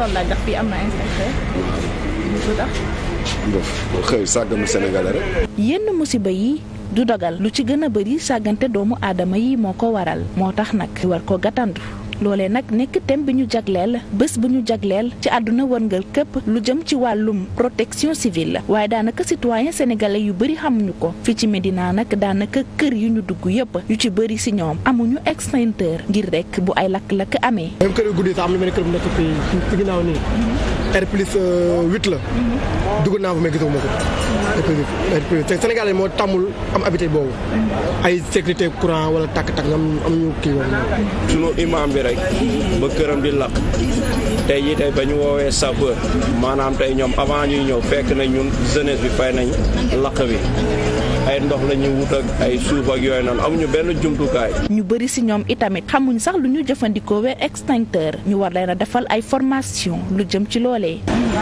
loolu laaj am na inspecteur lu tax. bon xëy sàgganu sénégalais yenn musiba yi du dogal lu ci gën a bëri sàggante doomu aadama yi moo ko waral moo tax nag war ko gàttandu. loolee nag nekk tem bi ñu jagleel bés bu ñu jagleel ci àdduna wërngal képp lu jëm ci wàllum protection la waaye daanaka citoyen sénégalais yu bëri xamuñu ko fii ci Médina nag daanaka kër yu ñu dugg yëpp yu ci bëri si ñoom amuñu extincteur ngir rek bu ay lakk-lakk amee. même kër yu guddi sax am na benn kër bu nekk ci ginnaaw nii. R plus 8 euh, la. Mhm. dugg naa fa mais gisuma ko. république Sénégal moo tàmmul am habitude boobu ay sécurité courant wala tàkk-tàkk nga am ñu kii woon sunu imam bi rek ba këram di lakk tey jii ba ñu woowee sapeur maanaam tey ñoom avant ñuy ñëw fekk nañ ñun jeunesse bi fay nañ lakk bi ndox la ñuy wut ak ay suuf ak yooyu noonu amuñu benn jumtukaay. ñu bëri si ñoom itamit xamuñ sax lu ñuy jëfandikoo wee extincteur ñu war leen a defal ay formation lu jëm ci loolee.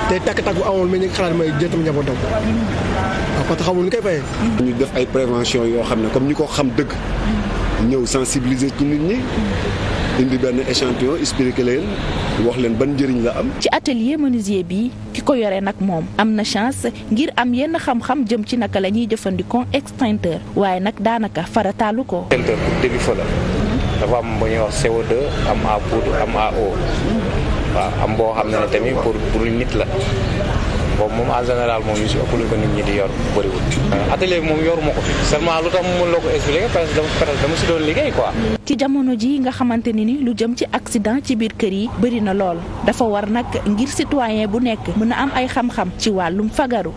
te takk-takk bu amul mi ñu xalaat may jëntam njabootam parce que xamul ñu koy fayee. ñu def ay prévention yoo xam ne comme ñu ko xam dëgg. ñëw sensibiliser ci nit ñi. indi benn échantillon expliqué leen wax leen ban njëriñ la am. ci atelier menuisier bi ki ko yore nag moom am na chance ngir am yenn xam-xam jëm ci naka lañuy ñuy jëfandikoo extincteur waaye nag daanaka farataalu ko. extincteur pour début fa la mhm. dafa am bu wax CO2 am à poudre am à eau. waaw am boo xam ne ne tamit pour pour nit la boobu moom en général moom yu si ëpp luñ ko nit ñi di yor bëriwul atelier bi moom yoruma ko seulement lu tax mun la ko expliquer parce que dama dama si doon liggéey ko ci jamono ji nga xamante ne ni lu jëm ci accident ci biir kër yi bëri na lool dafa war nag ngir citoyen bu nekk mën a am ay xam-xam ci wàllum fagaru